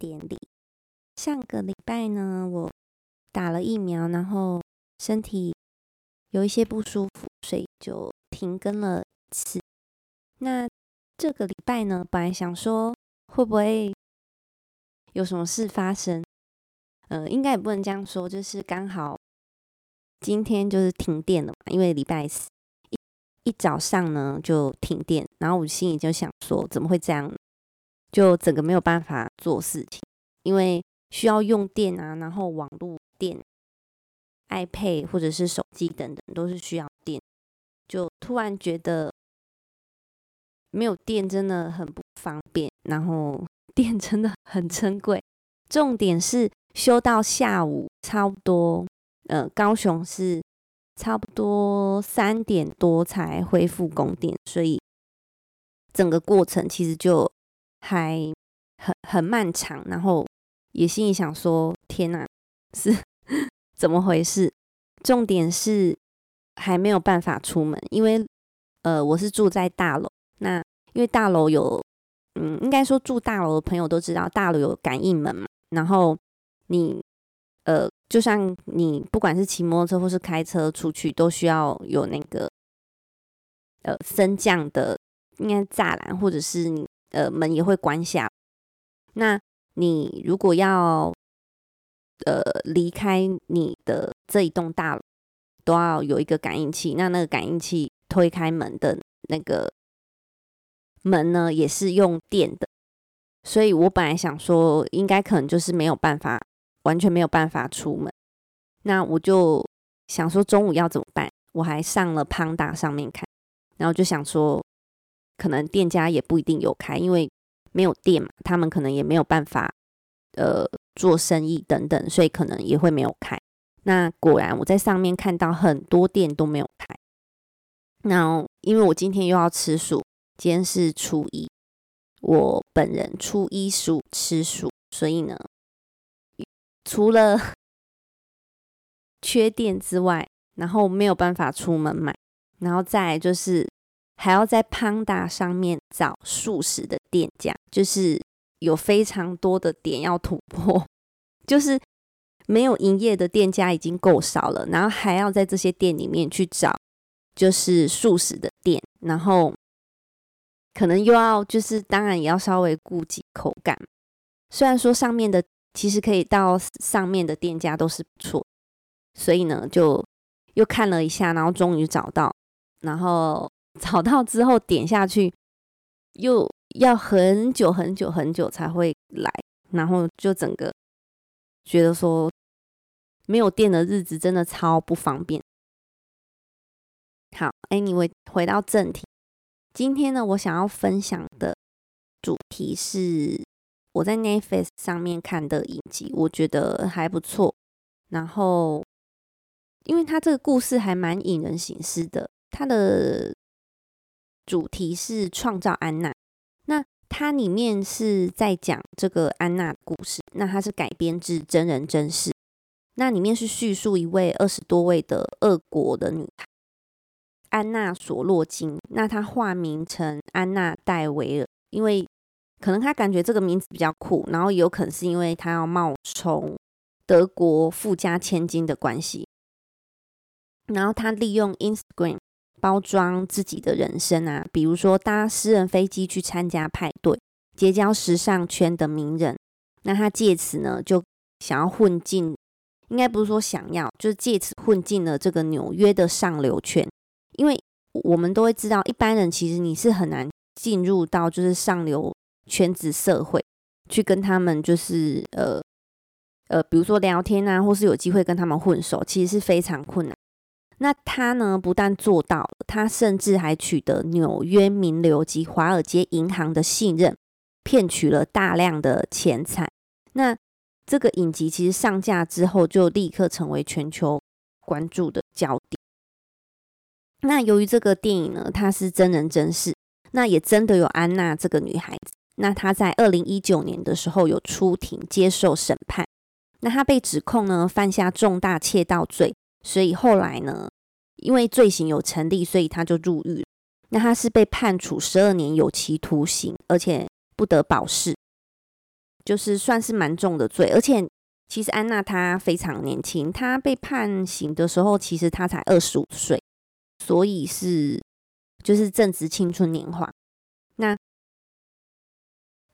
典禮上個禮拜呢，我打了疫苗，然後身體有一些不舒服，所以就停更了一次。次那這個禮拜呢，本來想說會不會有什麼事發生，呃，應該也不能這樣說，就是剛好今天就是停電了嘛，因為禮拜四一，一早上呢就停電，然後我心裡就想說，怎麼會這樣呢？就整個沒有辦法做事情，因為需要用電啊，然後網絡、電、iPad 或者是手機等等都是需要電。就突然覺得沒有電真的很不方便，然後電真的很珍貴。重點是修到下午差不多，呃，高雄是差不多三點多才恢復供電，所以整個過程其實就。還很很漫長，然後也心裡想說：“天哪，是怎麼回事？”重點是還沒有辦法出門，因為呃，我是住在大樓，那因為大樓有，嗯，應該說住大樓的朋友都知道，大樓有感應門嘛。然後你呃，就像你不管是騎摩托車或是開車出去，都需要有那個呃升降的應該柵欄，或者是你。呃，門也會關下。那你如果要呃離開你的這一棟大樓，都要有一個感應器。那那個感應器推開門的那個門呢，也是用電的。所以我本來想說，應該可能就是沒有辦法，完全沒有辦法出門。那我就想說，中午要怎麼辦？我還上了 Panda 上面看，然後就想說。可能店家也不一定有開，因為沒有電嘛，他們可能也沒有辦法，呃，做生意等等，所以可能也會沒有開。那果然我在上面看到很多店都沒有開。那因為我今天又要吃素，今天是初一，我本人初一十五吃素，所以呢，除了缺電之外，然後沒有辦法出門買，然後再就是。還要在 Panda 上面找素食的店家，就是有非常多的點要突破，就是沒有營業的店家已經夠少了，然後還要在這些店裡面去找就是素食的店，然後可能又要就是當然也要稍微顧及口感，雖然說上面的其實可以到上面的店家都是不錯，所以呢就又看了一下，然後終於找到，然後。找到之後點下去，又要很久很久很久才會來，然後就整個覺得說沒有電的日子真的超不方便。好，anyway，回到正題，今天呢，我想要分享的主題是我在 Netflix 上面看的影集，我覺得還不錯。然後，因為他這個故事還蠻引人省思的，他的。主題是創造安娜，那它裡面是在講這個安娜故事，那它是改編自真人真事，那裡面是敘述一位二十多歲的俄國的女孩，安娜索洛金，那她化名成安娜戴維爾，因為可能她感覺這個名字比較酷，然後也有可能是因為她要冒充德國富家千金的關係，然後她利用 Instagram。包裝自己的人生啊，比如說搭私人飛機去參加派對，結交時尚圈的名人。那他借此呢，就想要混進，應該不是說想要，就是借此混進了這個紐約的上流圈。因為我們都會知道，一般人其實你是很難進入到就是上流圈子社會，去跟他們就是呃呃，比如說聊天啊，或是有機會跟他們混熟，其實是非常困難。那他呢，不但做到了，他甚至還取得紐約名流及華爾街銀行的信任，騙取了大量的錢財。那這個影集其實上架之後，就立刻成為全球關注的焦點。那由於這個電影呢，它是真人真事，那也真的有安娜這個女孩子。那她在二零一九年的時候有出庭接受審判，那她被指控呢，犯下重大竊盜罪。所以後來呢，因為罪行有成立，所以他就入獄了。那他是被判處十二年有期徒刑，而且不得保釋，就是算是蠻重的罪。而且其實安娜她非常年輕，她被判刑的時候，其實她才二十五歲，所以是就是正值青春年華。那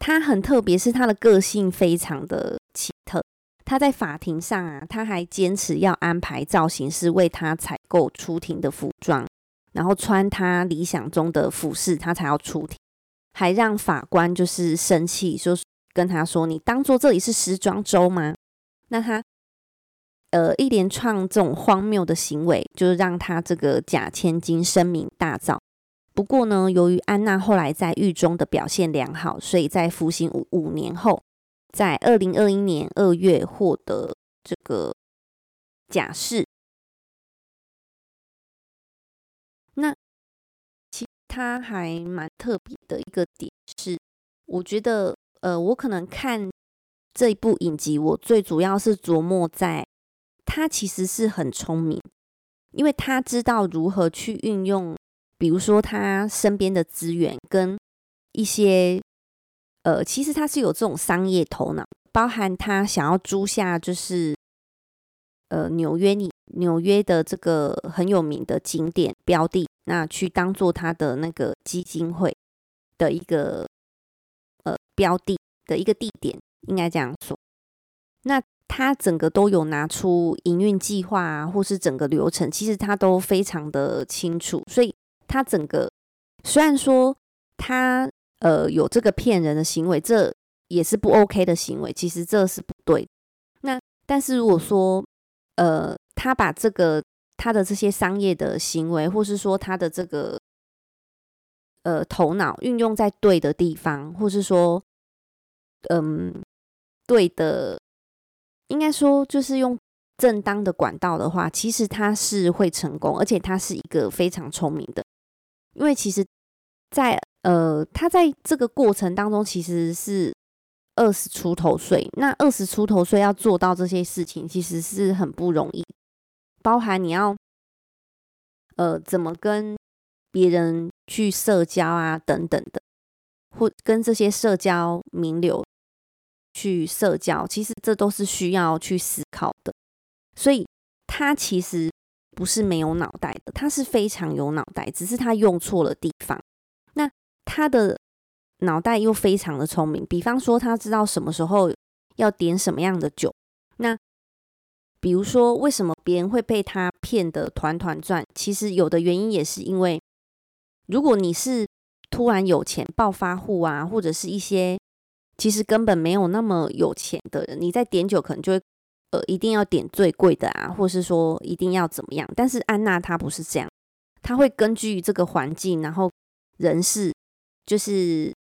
她很特別，是她的個性非常的。他在法庭上啊，他還堅持要安排造型師為他採購出庭的服裝，然後穿他理想中的服飾，他才要出庭。還讓法官就是生氣，說、就是、跟他說：“你當做這裡是時裝週嗎？”那他呃一連串這種荒謬的行為，就是讓他這個假千金聲名大噪。不過呢，由於安娜後來在獄中的表現良好，所以在服刑五五年後。在二零二一年二月獲得這個假釋。那其他還蠻特別的一個點是，我覺得，呃，我可能看這一部影集，我最主要是琢磨在他其實是很聰明，因為他知道如何去運用，比如說他身邊的資源跟一些。呃，其實他是有這種商業頭腦，包含他想要租下，就是呃紐約紐約的這個很有名的景點標的，那去當做他的那個基金會的一個呃標的的一個地點，應該這樣說。那他整個都有拿出營運計劃啊，或是整個流程，其實他都非常的清楚，所以他整個雖然說他。呃，有這個騙人的行為，這也是不 OK 的行為。其實這是不對的。那但是如果說，呃，他把這個他的這些商業的行為，或是說他的這個呃頭腦運用在對的地方，或是說嗯、呃、對的，應該說就是用正當的管道的話，其實他是會成功，而且他是一個非常聰明的，因為其實在，在呃，他在這個過程當中，其實是二十出頭歲。那二十出頭歲要做到這些事情，其實是很不容易，包含你要，呃，怎麼跟別人去社交啊，等等的，或跟這些社交名流去社交，其實這都是需要去思考的。所以他其實不是沒有腦袋的，他是非常有腦袋，只是他用錯了地方。他的腦袋又非常的聰明，比方說他知道什麼時候要點什麼樣的酒。那比如說，為什麼別人會被他騙得團團轉？其實有的原因也是因為，如果你是突然有錢暴發戶啊，或者是一些其實根本沒有那麼有錢的人，你在點酒可能就會呃一定要點最貴的啊，或是說一定要怎麼樣。但是安娜她不是這樣，她會根據這個環境，然後人事。就是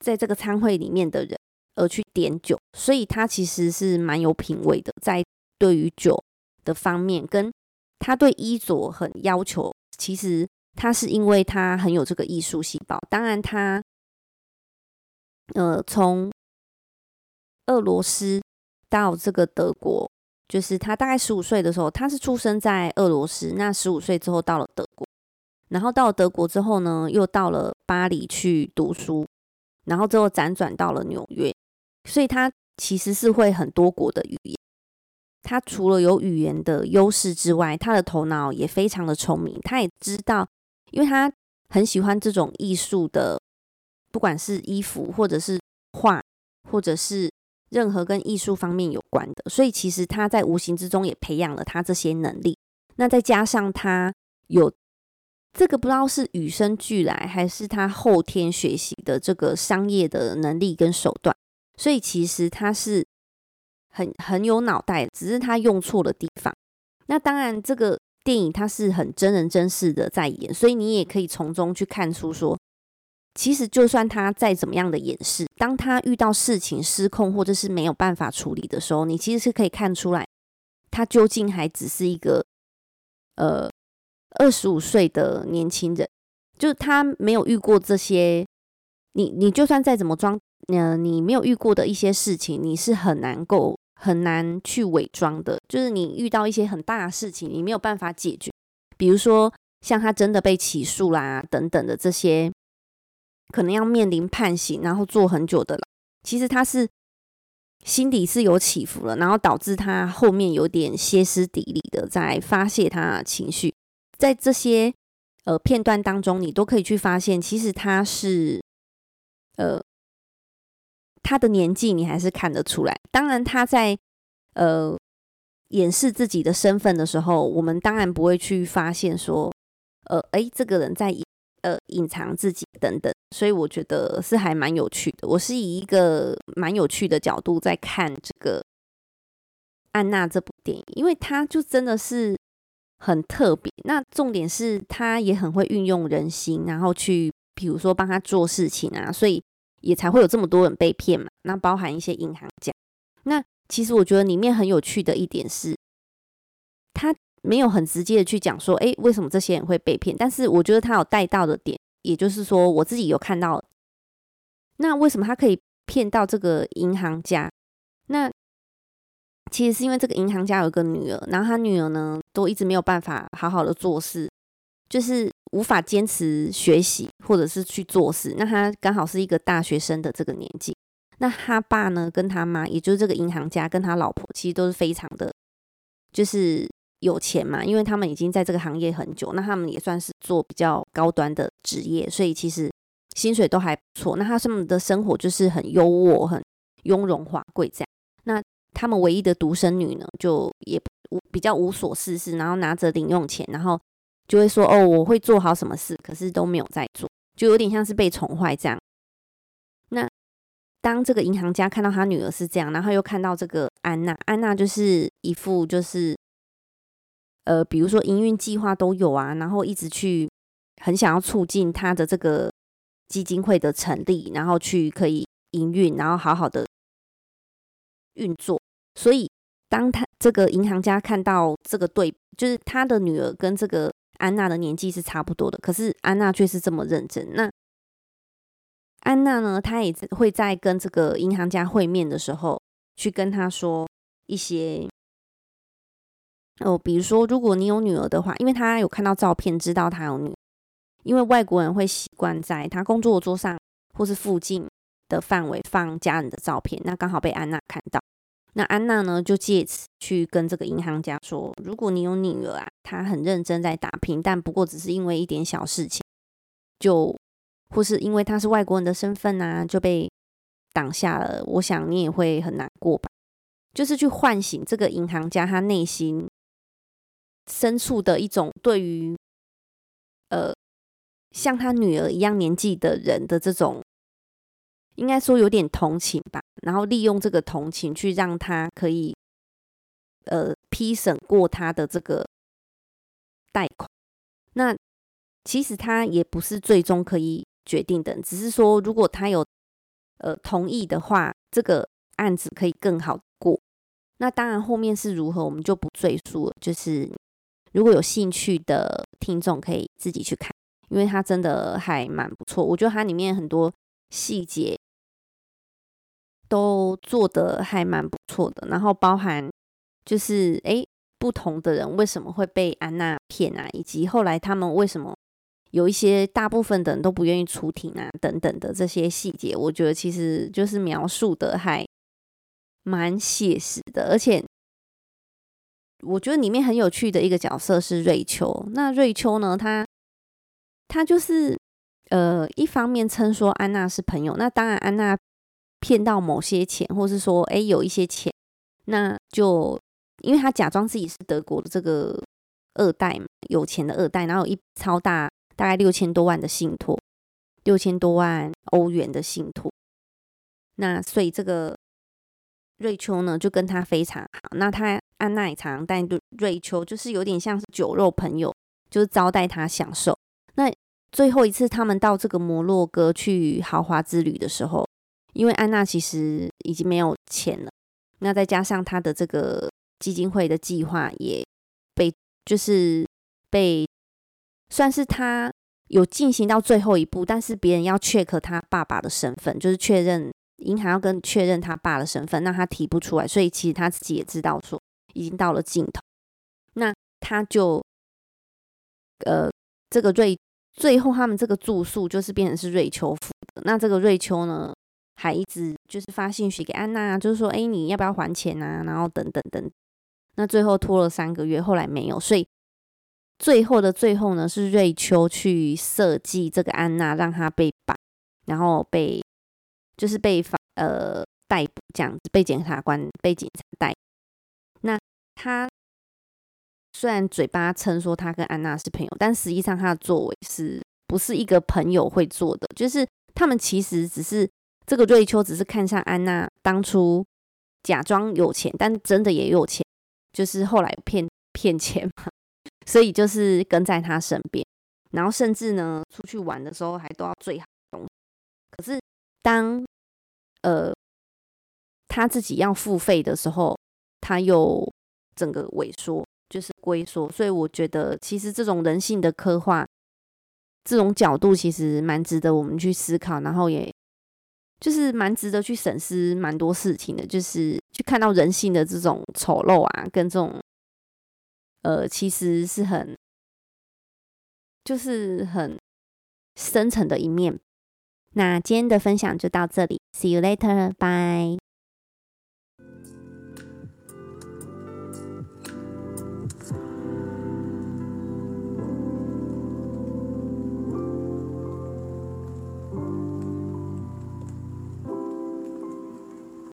在這個餐會裡面的人而去點酒，所以他其實是蠻有品味的，在對於酒的方面，跟他對衣着很要求。其實他是因為他很有這個藝術細胞。當然，他呃，從俄羅斯到這個德國，就是他大概十五歲的時候，他是出生在俄羅斯，那十五歲之後到了德國。然後到了德國之後呢，又到了巴黎去讀書，然後最後輾轉到了紐約，所以他其實是會很多國的語言。他除了有語言的優勢之外，他的頭腦也非常的聰明。他也知道，因為他很喜歡這種藝術的，不管是衣服或者是畫，或者是任何跟藝術方面有關的，所以其實他在無形之中也培養了他這些能力。那再加上他有。這個不知道是與生俱來，還是他後天學習的這個商業的能力跟手段，所以其實他是很很有腦袋，只是他用錯了地方。那當然，這個電影他是很真人真事的在演，所以你也可以從中去看出說，其實就算他再怎麼樣的掩飾，當他遇到事情失控或者是沒有辦法處理的時候，你其實是可以看出來，他究竟還只是一個呃。二十五歲的年輕人，就是他沒有遇過這些，你你就算再怎麼裝，嗯、呃，你沒有遇過的一些事情，你是很難夠很難去偽裝的。就是你遇到一些很大的事情，你沒有辦法解決，比如說像他真的被起訴啦等等的這些，可能要面臨判刑，然後坐很久的牢。其實他是心底是有起伏了，然後導致他後面有點歇斯底里的在發洩他的情緒。在這些呃片段當中，你都可以去發現，其實他是呃他的年紀，你還是看得出來。當然，他在呃掩飾自己的身份的時候，我們當然不會去發現說，呃，誒、欸、這個人在隱呃隱藏自己等等。所以我覺得是還蠻有趣的。我是以一個蠻有趣的角度在看這個安娜這部電影，因為他就真的是。很特別，那重點是他也很會運用人心，然後去比如說幫他做事情啊，所以也才會有這麼多人被騙嘛。那包含一些銀行家。那其實我覺得裡面很有趣的一點是，他沒有很直接的去講說，誒，為什麼這些人會被騙？但是我覺得他有帶到的點，也就是說我自己有看到，那為什麼他可以騙到這個銀行家？那其實是因為這個銀行家有一個女兒，然後他女兒呢都一直沒有辦法好好的做事，就是無法堅持學習或者是去做事。那他剛好是一個大學生的這個年紀，那他爸呢跟他媽，也就是這個銀行家跟他老婆，其實都是非常的，就是有錢嘛，因為他們已經在這個行業很久，那他們也算是做比較高端的職業，所以其實薪水都還不錯。那他們的生活就是很優渥、很雍容華貴這樣。那他們唯一的獨生女呢，就也無比較無所事事，然後拿着零用錢，然後就會說：“哦，我會做好什麼事。”可是都沒有在做，就有點像是被寵壞這樣。那當這個銀行家看到他女兒是這樣，然後又看到這個安娜，安娜就是一副就是呃，比如說營運計劃都有啊，然後一直去很想要促進他的這個基金會的成立，然後去可以營運，然後好好的運作。所以，當他這個銀行家看到這個對，就是他的女兒跟這個安娜的年紀是差不多的，可是安娜卻是這麼認真。那安娜呢，她也會在跟這個銀行家會面的時候，去跟他說一些哦，比如說如果你有女兒的話，因為她有看到照片，知道她有女兒，因為外國人會習慣在她工作的桌上或是附近的範圍放家人的照片，那剛好被安娜看到。那安娜呢，就借此去跟這個銀行家說：“如果你有女兒啊，她很認真在打拼，但不過只是因為一點小事情，就或是因為她是外國人的身份啊，就被擋下了。我想你也會很難過吧？就是去喚醒這個銀行家他內心深處的一種對於，呃，像他女兒一樣年紀的人的這種，應該說有點同情吧。”然後利用這個同情去讓他可以呃批審過他的這個貸款。那其實他也不是最終可以決定的，只是說如果他有呃同意的話，這個案子可以更好過。那當然後面是如何，我們就不贅述了。就是如果有興趣的聽眾可以自己去看，因為它真的還蠻不錯。我覺得它裡面很多細節。都做得還蠻不錯的，然後包含就是誒不同的人為什麼會被安娜騙啊，以及後來他們為什麼有一些大部分的人都不願意出庭啊，等等的這些細節，我覺得其實就是描述的還蠻寫實的，而且我覺得裡面很有趣的一個角色是瑞秋。那瑞秋呢，她她就是呃，一方面稱說安娜是朋友，那當然安娜。騙到某些錢，或是說，哎、欸，有一些錢，那就因為他假裝自己是德國的這個二代嘛，有錢的二代，然後一超大大概六千多萬的信託，六千多萬歐元的信託，那所以這個瑞秋呢就跟他非常好，那他安娜常帶瑞秋就是有點像是酒肉朋友，就是招待他享受。那最後一次他們到這個摩洛哥去豪華之旅的時候。因為安娜其實已經沒有錢了，那再加上她的這個基金會的計劃也被就是被算是她有進行到最後一步，但是別人要 check 她爸爸的身份，就是確認銀行要跟確認他爸的身份，那他提不出來，所以其實他自己也知道說已經到了盡頭。那他就呃這個瑞最後他們這個住宿就是變成是瑞秋付的，那這個瑞秋呢，還一直就是發信息給安娜，就是說，哎，你要不要還錢啊？然後等、等等等，那最後拖了三個月，後來沒有，所以最後的最後呢，是瑞秋去設計這個安娜，讓她被綁，然後被就是被法呃逮捕，這樣子被檢察官被警察逮。那他雖然嘴巴稱說他跟安娜是朋友，但實際上他的作為是不是一個朋友會做的？就是他們其實只是。這個瑞秋只是看上安娜，當初假裝有錢，但真的也有錢，就是後來騙騙錢嘛。所以就是跟在她身邊，然後甚至呢，出去玩的時候還都要最好的東西。可是當呃他自己要付費的時候，他又整個萎縮，就是龜縮。所以我覺得，其實這種人性的刻畫，這種角度其實蠻值得我們去思考，然後也。就是蠻值得去省思蠻多事情的，就是去看到人性的這種醜陋啊，跟這種，呃，其實是很，就是很深沉的一面。那今天的分享就到這裡，See you later，bye。